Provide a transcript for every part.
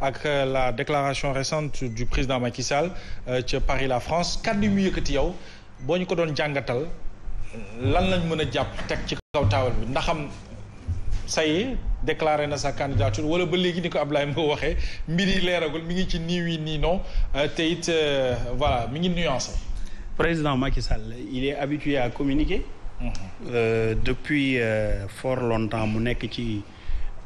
ak euh, la déclaration récente du président Macky Sall euh, ca Paris la France kàddu yu mu yëkkati yow boo ñu ko doon jàngatal lan lañ mën a jàpp teg ci kaw taawal bi ndaxam say déclarer na sa candidature wala ba léegi ni ko ab Ablaye moo waxee mbir yi leeragul mi ngi ci nii wii nii non euh, te it voilà mi ngi nuancé. président Macky Sall il est habitué à communiquer. Mhm. Euh, depuis euh, fort longtemps mu nekk ci.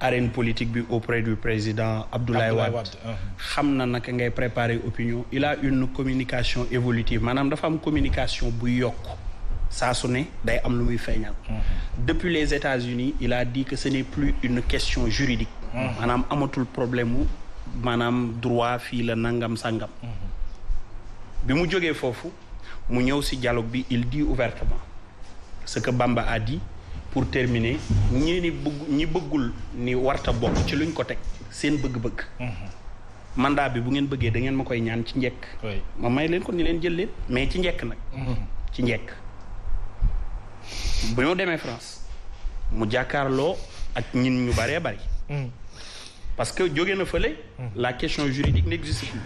arène politique bi auprès du président Abdoulaye Wade uh-huh. xam na naka ngay préparer opinion il a une communication évolutive maanaam dafa am communication bu yokk saa su ne day am lu muy feeñal uh-huh. depuis les États-Unis il a dit que ce n'est plus une question juridique uh-huh. maanaam amatul problème mu maanaam droit fii la nangam sangam bi mu jógee foofu mu ñëw si dialogue bi il dit ouvertement ce que Bamba a dit pour terminer ñii ni bëgg ñi bëggul ni warta bokk ci luñ ko teg seen bëgg-bëgg mhm. mandat bi bu ngeen bëggee dangeen ma koy ñaan ci njekk ma may leen ko ni leen jël leen mais ci njekk nag mhm. ci njekk bu ñu demee France mu jàkkaarloo ak ñin ñu bëree bëri mhm. parce que jóge na fële la question juridique n'existe plus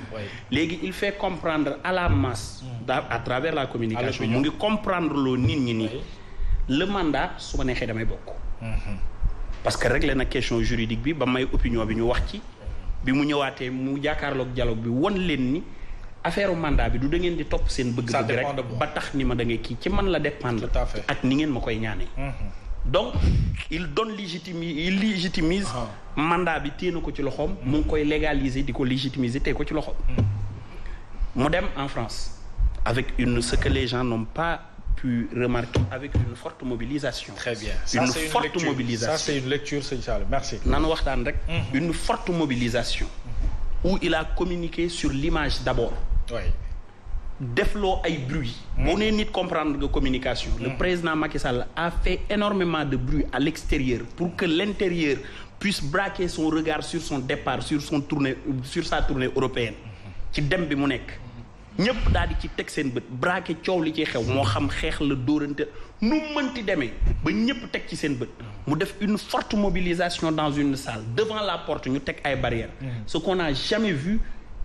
léegi il fait comprendre à la masse à travers la communication mu ngi comprendre loo nit ñi nii le mandat su ma neexee damay bokk. Mhm. parce que réglé na question juridique bi ba may opinion bi ñu wax ci. bi mu ñëwaatee mu jàkkaarloog dialogue bi won leen ni affaire mandat bi du da ngeen di topp seen bëgg-bëgg rek ba tax ni ma da ngay kii ci man la dépendre ak ni ngeen ma koy ñaanee mhm. donc il donne légitime il légitimise ah. mandat bi téye ko ci loxoom mu ngi koy légaliser di ko légitimiser téye ko ci loxoom mhm. mu dem en France avec une ce que les pu remarquer avec une forte mobilisation. très bien ça une c'est forte mobilisation ça waxtaan rek. Mhm. une forte mobilisation. où il a communiqué sur l'image d'abord. oui. def loo ay bruit. Mhm. boo ne nit comprendre nga communication. le mhm. président Macky Sall a fait énormément de bruit à l'extérieur pour que l'intérieur puisse braquer son regard sur son départ sur son tournée sa tournée européenne. ci dem bi mu nekk. ñëpp daal di ci teg seen bët braqué coow li ciy xew moo xam xeex la dóorante nu mënti demee ba ñëpp teg ci seen bët mu def une forte mobilisation dans une salle devant la porte ñu teg ay barrières mm. ce qu'on a jamais vu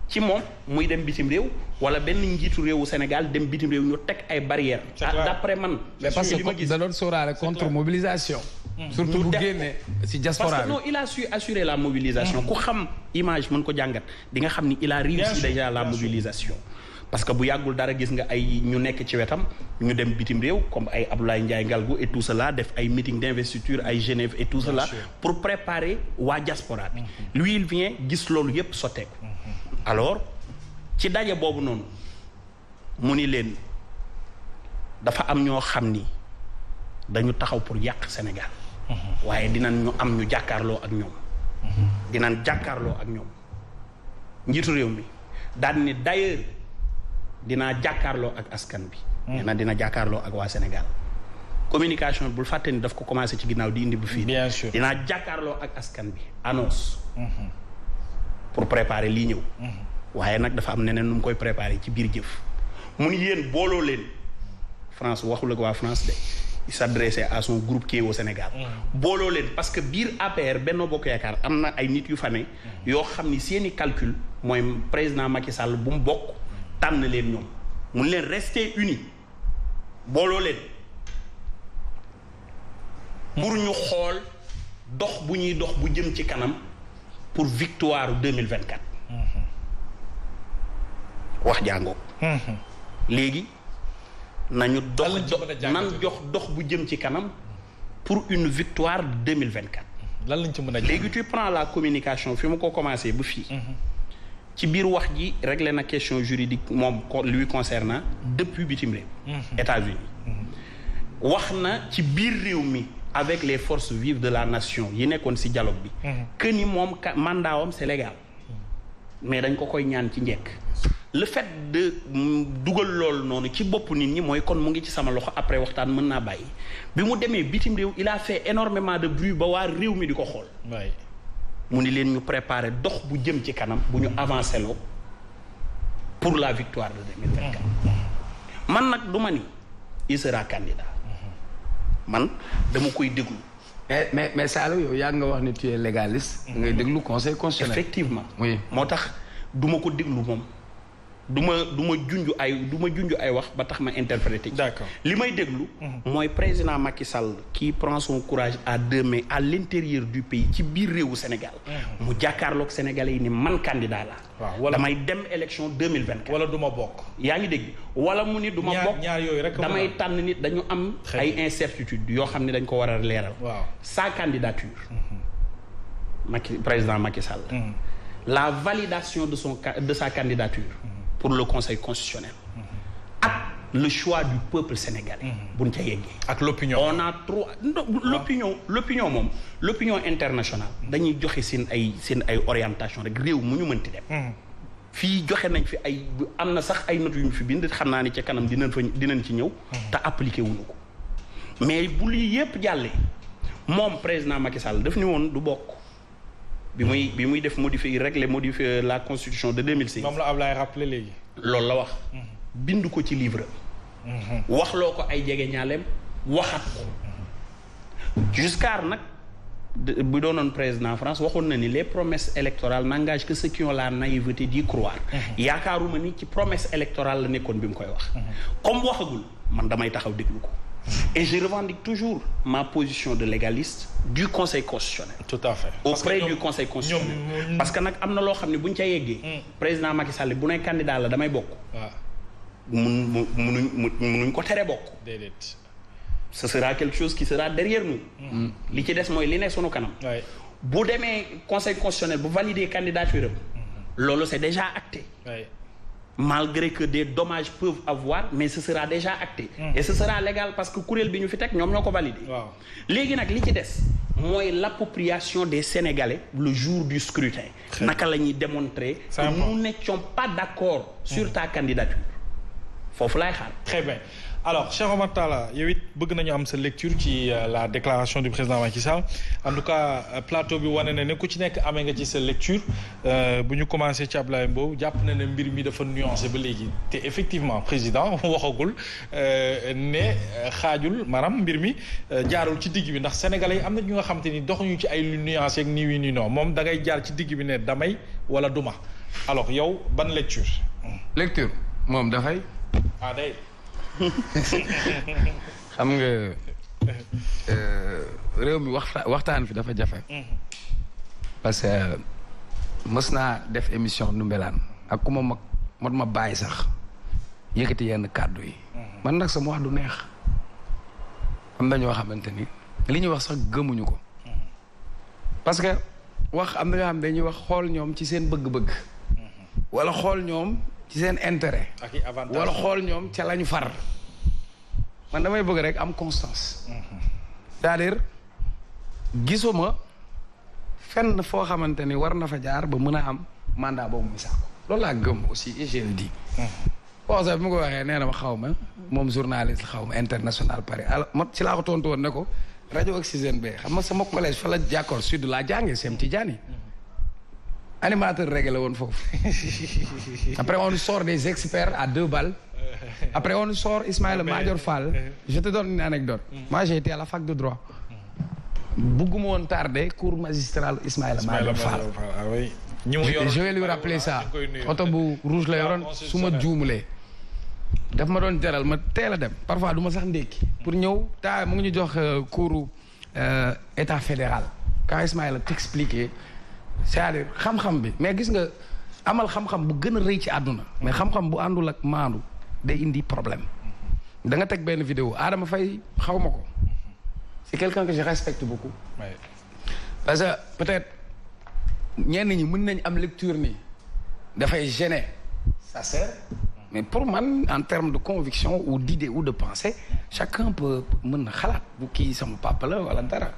ci moom muy dem bitim réew wala benn njiitu réewu Sénégal dem bitim réew ñu teg ay barrières ah, d'après man mais parce que da doon sóoraale contre mobilisation mm. surtout bu génnee si diaspora parce que non il a su assurer la mobilisation mm. ku xam image mën ko jàngat di nga xam ni il a réussi déjà la mobilisation parce que bu yàggul dara gis nga ay ñu nekk ci wetam ñu dem bitim réew comme ay Abdoulaye Ndiaye Ngalgou et tout cela def ay meeting d'investiture ay Genève et tout cela pour préparer waa diaspora bi lui il vient gis loolu yépp sotteeku alors ci daje boobu noonu mu ni leen dafa am ñoo xam ni dañu taxaw pour yàq Sénégal waaye dina ñu am ñu jàkkaarloo ak ñoom mhm. dinañ jàkkaarloo ak ñoom njiitu réew mi daal ni d'ailleurs dinaa jàkkaarloo ak askan bi. nee hmm. na dina jàkkaarloo ak waa Sénégal. communication bi bul fàtte ni daf ko commencé ci ginnaaw di indi bu fii. bien dinaa jàkkaarloo ak askan bi annonce. Hmm. pour préparer lii ñëw. Hmm. waaye nag dafa am neneen nu mu koy préparer ci biir jëf. mun yéen booloo leen France waxul ak waa France de il s'adressait à son groupe qui est Sénégal. booloo leen parce que biir APR Benno Bokk Yaakaar am na ay nit yu fa ne. yoo xam ni seeni calcul mooy président Macky Sall bu mu bokk. tànn leen ñoom mun leen rester unis booloo leen pour ñu xool dox bu ñuy dox bu jëm ci kanam pour victoire 2024 wax jàngoo mm-hmm. léegi nañu dox nan jox dox bu jëm ci kanam pour une victoire 2024 lan lañ ci mën a léegi tu prends la communication fi mu ko commencé bu fii mm-hmm. ci biir wax ji réglé na question juridique moom lui concernant depuis bitim réew mhm. États-Unis mhm. wax na ci biir réew mi avec les forces vives de la nation yi nekkoon ci dialogue bi mhm. que ni moom mandaawam c'est légal mais dañ ko koy ñaan ci njekk le fait de mm, dugal loolu noonu ci bopp nit ñi mooy kon mu ngi ci sama loxo après waxtaan mën naa bàyyi bi mu demee bitim réew il a fait énormément de bruit ba waar réew mi di ko xool mu ni leen ñu préparer dox bu jëm ci kanam bu ñu avancé loo pour la victoire de 2024 man nag du ma ni il sera candidat man dama koy déglu mais mais mais Saalum yow yaa nga wax ne tu es légaliste mm-hmm. ngay déglu conseil constitutionnel effectivement oui moo tax du ma ko déglu moom du ma du ma junj ay du ma junj ay wax ba tax ma interpréter. d'accord li may déglu. Mhm. mooy président Macky Sall. qui prend courage à deux mains à l'intérieur du pays ci biir réewu Sénégal. Mhm. mu jàkkaarlook Sénégalais yi ni man candidat la. waaw wala damay dem élection deux mille vingt wala du bokk. yaa ngi dégg wala mu ni du ma bokk ñaar yooyu rek damay tànn nit dañu am. ay incertitudes yoo xam ne dañ ko war a leeral. waaw sa candidature. Mhm. président Macky Sall. la validation de son de sa candidature. pour le conseil constitutionnel mm-hmm. ak le choix du peuple bu mm-hmm. buñ ca yeggee ak l'opinion on a trop l'opinion l'opinion moom l'opinion internationale mm-hmm. dañuy joxe seen ay seen ay orientation rek réew mu ñu mënti dem fii joxe nañ fi ay am na sax ay notes yu ñu fi bind xam naa ni ca kanam dinañ fa dinañ ci ñëw te appliqué wuñu ko mais bu lii yépp jàllee moom président Macky Sall daf ni woon du bokk bi muy bi muy def modifier régler modifier la constitution de 2006. moom la Ablaye rappelé léegi. loolu la wax. Mhm. bindu ko ci livre. Mhm. waxloo ko ay jege ñaaleem waxat ko. Giscard mhm. nag doon doonoon président France waxoon na ni les promesses électorales nangage que ceux la naïveté d'y croire. yaakaaruma ni ci promesse électorale la nekkoon bi mu koy wax. comme waxagul man damay taxaw déglu ko. et je revendique toujours ma position de légaliste du conseil constitutionnel. tout à fait auprès du conseil constitutionnel. parce que nag am na loo xam ne bu ñu ca yeggee. Hmm. président Macky Sall bu nay candidat la damay bokk. Ah. mu waaw mun munuñ munuñ ko tere bokk. déedéet. ce sera quelque chose qui sera derrière nous. Hmm. Hmm. li ci des mooy li nekk sunu kanam. bu demee conseil constitutionnel bu valider candidature am. loolu c'est déjà acté. malgré que des dommages peuvent avoir mais ce sera déjà acté hmm. et ce sera légal parce que kuréel bi ñu fi teg ñoom ñoo ko validé waaw léegi nag li ci des mooy l'appropriation des Sénégalais le jour du scrutin naka la ñuy démontrer que nous n'étions pas d'accord sur hmm. ta candidature foofu lay xaar alors Cheikh Omar Talla yow it bëgg nañu am sa lecture ci euh, la déclaration du président Macky Sall en tout cas euh, plateau bi wane na ne ku ci nekk amee nga ci sa lecture euh, bu ñu commencé ci Ablaye Mbow jàpp na ne mbir mi dafa nuancé ba léegi te effectivement président waxagul ne xaajul maanaam mbir mi jaarul ci digg bi ndax sénégalais yi am na ñu nga xam te ni doxuñu ci ay lu nuancé ak nii wii nii non moom dangay jaar ci digg bi ne damay wala duma alors yow ban lecture. lecture xam nga euh, réew mi waxta waxtaan fi dafa jafe. parce que mës naa def émission Ndoumbelane ak ku ma mag mot ma bàyyi sax yëkkati yenn kàddu yi. man nag sama wax du neex. am na ñoo xamante ni li ñuy wax sax gëmuñu ko. parce que wax am na ñoo wax xool ñoom ci seen bëgg-bëgg. wala xool ñoom. ci seen intérêt. ak i avantage wala xool ñoom ca la ñu far. man damay bëgg rek am constance. c'est-à-dire gisuma fenn foo xamante ni war na fa jaar ba mën a am mandat boobu muy saako. loolu laa gëm aussi et je le dis. sax bi ma ko waxee nee na ma xaw ma moom journaliste xaw ma international Paris alors ma ci laa ko tontu woon ne ko rajo Oxygène bi xam ma sama collège fa la jàkkoor sud laa jàngee Sèm Tidiane. animateur reggae woon foofu après on sort des experts à deux balles après on sort Ismaïla Madior Fall euh, je te donne une anecdote mm. moi j'ai été à fac de droit bëgguma woon tardé cours magistral Ismaïla Madior Fall ah je vais lui rappeler ça ah, oto bu rouge la yoroon su ma juumulee daf ma doon jaral ma teel a dem parfois du ma sax ndékki pour ñëw taa mu ñu jox euh, cours euh, état fédéral quand Ismaïla t'expliquer c'est-à-dire xam-xam bi mais gis nga amal xam-xam bu gën a rëy ci àdduna mais xam-xam bu àndul ak maandu day indi problème da nga teg benn vidéo Adama fay xaw ma ko c'est quelqu'un que je respecte beaucoup parce que peut-être ñenn ñi mën nañ am lecture nii dafay gêner sa sert mais pour man en termes de conviction ou d'idée ou de pensée chacun peut mën na xalaat bu kii sama papa la wala dara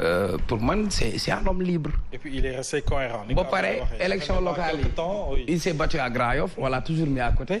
Euh, pour man c'est c'est un homme libre. et puis il est resté cohérent. ba pare élection locale yi il s'est battu à Grand Yoff voilà toujours mis à côté.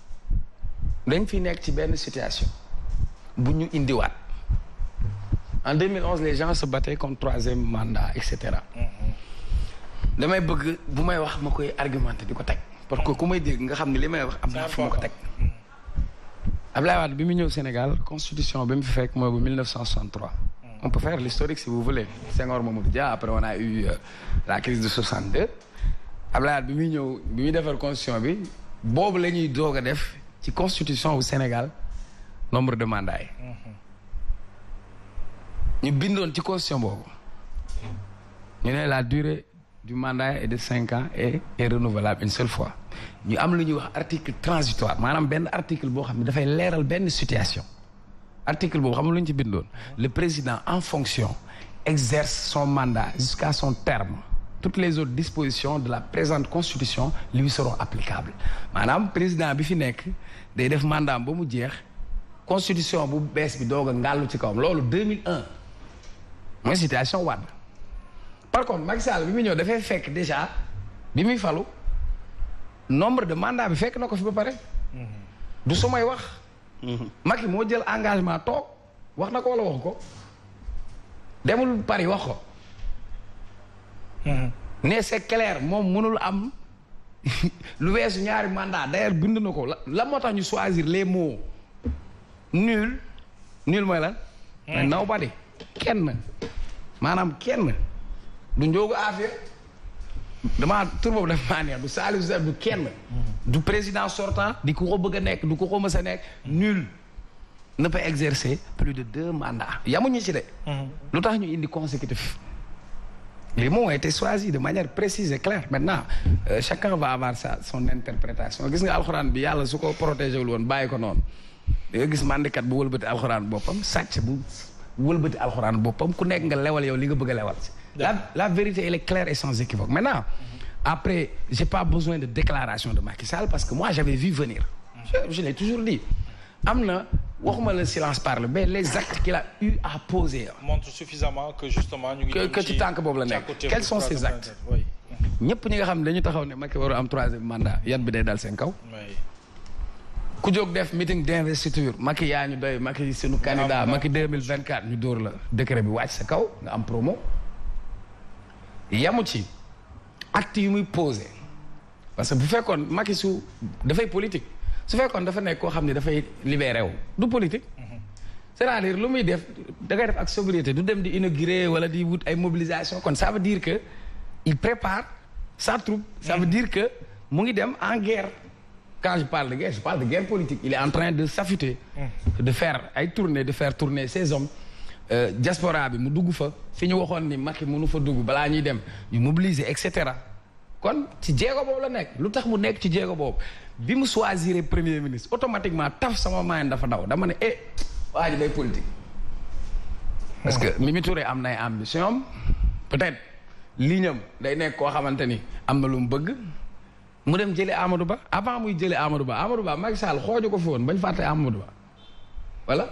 dañ fi nekk ci benn situation bu ñu indiwaat en 2011 les gens se battaient contre troisième mandat et cetera damay bëgg bu may wax ma koy argumenté di ko teg parce que ku may dégg nga xam ne li may wax am naa fu ma ko teg Ablaye Wade bi mu ñëw Sénégal constitution bi mu fi fekk mooy bu 1963 on peut faire l'historique si vous voulez Senghor Mamadou Dia après on a eu euh, la crise de 62 Ablaye Wade bi muy ñëw bi muy defar constitution bi boobu la ñuy doog a def ci constitution wu Sénégal nombre de mandat yi. ñu bindoon ci constitution boobu ñu ne la durée du mandat est de cinq ans et est renouvelable une seule fois ñu am lu ñu wax article transitoire maanaam benn article boo xam ne dafay leeral benn situation article boobu xam nga lu ñu ci bindoon le président en fonction exerce son mandat jusqu'à son terme toutes les autres dispositions de la présente constitution lui seront applicables maanaam président bi fi nekk day def mandaam ba mu jeex constitution bu bees bi doog a ngàllu ci kaw loolu 2001 mooy situation Wade par contre Macky Sall bi muy ñëw dafay fekk déjà bi muy falu nombre de mandat bi fekk na ko fi ba pare mhm. du sumay wax mhm. Macky moo jël engagement toog wax na ko wala wax ko demul Paris wax ko Mm-hmm. ne c'est clair moom mënul am lu weesu ñaari mandat d'ailleurs bind na ko la moo tax ñu choisir les moo nul nul mooy la mm-hmm. mais nobody kenn maanaam kenn du njoogu affaire damaa tur boobu daf maa neex du Salif Sadio du kenn mm-hmm. du président sortant di ku ko bëgg a nekk du ko ko mës a nekk nul ne peut exercer plus de deux mandats yamuñu ci de lu tax ñu indi consécutif Les mots ont été choisis de manière précise et claire maintenant euh, chacun va avoir sa son interprétation gis nga alxuraan bi yàlla su ko protégé wul woon bàyyi ko noonu da nga gis màndikat bu wëlbati alxuraan boppam sàcc bu ku nekk nga lewal yow li nga a lewal la la vérité elle est claire et sans équivoque maintenant après j'ai pas besoin de déclaration de Macky parce que moi j'avais vu venir je l'ai toujours dit am na waxuma le silence parle mais les actes qu'il a eu à poser. montre suffisamment que justement ci tànk boobu la nekk quels sont ces actes. ñëpp ñi nga xam ne dañu taxaw ne Macky waru am troisième mandat yan bi day dal seen kaw. ku jóg def meeting d'investiture Macky yaa ñu doy Macky sunu candidat Macky 2024 ñu dóor la décret bi wàcc sa kaw nga am promo. yamu ci actes yi muy posé parce que bu fekkoon Macky su dafay politique. su fekkoon dafa nekk koo xam ne dafay libéré wu du politique. Mhm. cest lu muy def da ngay def ak sobriété du dem di inaugurer wala di wut ay mobilisation kon ça veut dire que il prépare sa troupe. ça veut mhm. dire que mu ngi dem en guerre. quand je parle de guerre je politique il est en train de safité mhm. de faire ay tournées de faire tourner ses hommes. Euh, diaspora bi mu dugg fa fi ñu waxoon ni Macky mënu fa dugg balaa ñuy dem ñu mobiliser et cetera kon ci jéego boobu la nekk lu tax mu nekk ci jéego boobu. bi mu choisir premier ministre automatiquement taf sama main dafa daw dama ne eh waa ji day politique. parce que hmm. Mimi Touré am na ambition am peut-être lii ñam day nekk koo xamante ni am na lu mu bëgg. mu dem jëlee Amadou Ba avant muy jëlee Amadou Ba Amadou Ba Macky Sall xooju ko fi woon bañ fàtte Amadou Ba voilà.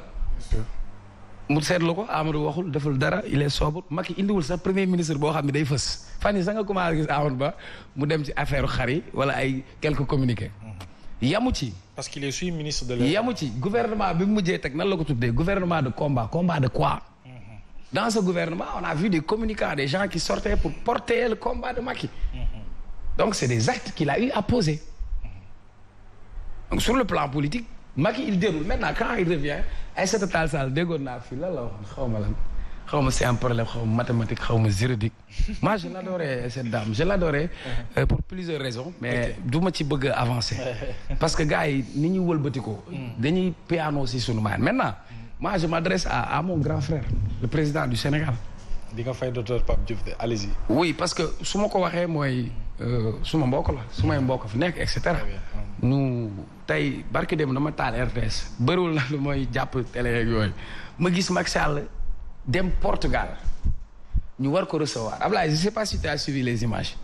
mu seetlu ko Amadou waxul deful dara il est sobre Macky indiwul sax premier ministre boo xam ne day fës fan yi sax nga commencé gis Ba mu dem ci affaire xar yi wala ay quelques communiqués. yamu ci. parce qu'il est suivi ministre de ci gouvernement bi mu mujjee teg nan la ko tuddee gouvernement de combat combat de quoi. Mm-hmm. dans ce gouvernement on a vu des communicants des gens qui sortaient pour porter le combat de Macky. Mm-hmm. donc c'est des actes qu'il a eu à poser. Mm-hmm. donc sur le plan politique. Macky il déroule maintenant quand il revient Aïssata Tall Sall déggoon naa fi lan la xaw ma la xaw ma c'est un problème xaw ma mathématique xaw ma juridique moi je l'adorais cette dame je l'adorais euh, pour plusieurs raisons mais duma ci bëgg a parce que gars yi ni ñuy wëlbatikoo mm. dañuy piano si sunu maan maintenant moi je m'adresse à, à mon grand frère le président du Sénégal di nga fay docteur Pape Diouf de allez-y parce que su ma ko waxee mooy euh, su ma mbok la su may mbokk fi nekk et tey barki dem dama taal RTS bëriwul na mooy jàpp télé yeeg ma gis Macky Sall dem Portugal ñu war ko recevoir Ablaye je sais pas suivi les images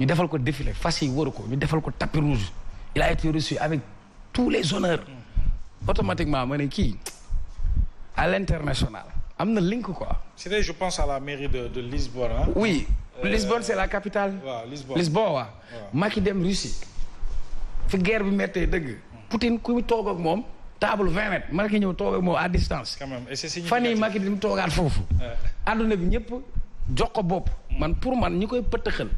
ñu defal ko défilé fas yi waru ko ñu defal ko tapis rouge il a été avec tous les honneurs automatiquement ma kii à l'international am na link ko c'est je pense à la mairie de de Lisbonne. oui euh, Lisbonne c'est la capitale. waaw Lisbonne Lisbonne waaw. dem Russie. fi guerre bi méttee dëgg. Poutine ku toog ak moom table vingt mètres ki ñëw toog moom à distance. quand même fan yii Macky di mu toogaat foofu. àdduna bi ñëpp jox ko bopp. man pour man ñi koy pëtëxal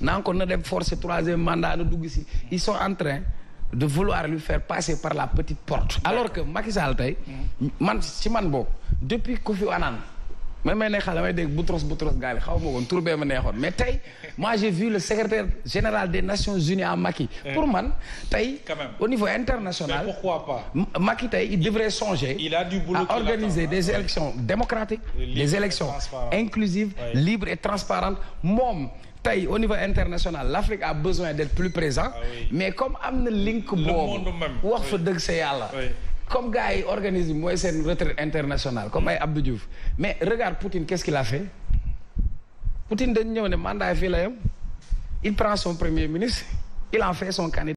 naa ko na dem force troisième mandat na dugg si. il sont en de vouloir lui faire passer par la petite porte. alors que Macky Sall tey. Mm-hmm. man si man boobu depuis Kofi Annan. man may ne xale damay dégg Boutros Boutros Ghali xaw ma woon tur bee ma neexoon mais tey moi j'ai vu le secrétaire général des Nations Unies à Macky. Eh. pour man tey. au niveau international. mais pourquoi tey il devrait songer. il a du boulot à organiser des élections démocratiques. des élections inclusives libres et transparentes moom. tey au niveau international l'Afrique a besoin d'être plus présent. Ah mais comme am na link boobu. wax fa dëgg sa yàlla. comme gars yi organisme mooy seen retraite internationale comme ay Abdou Diouf mais regarde Poutine qu'est-ce qu'il a fait Poutine dañ ñëw ne mandat fii la yam il prend son premier ministre il en fait son candidat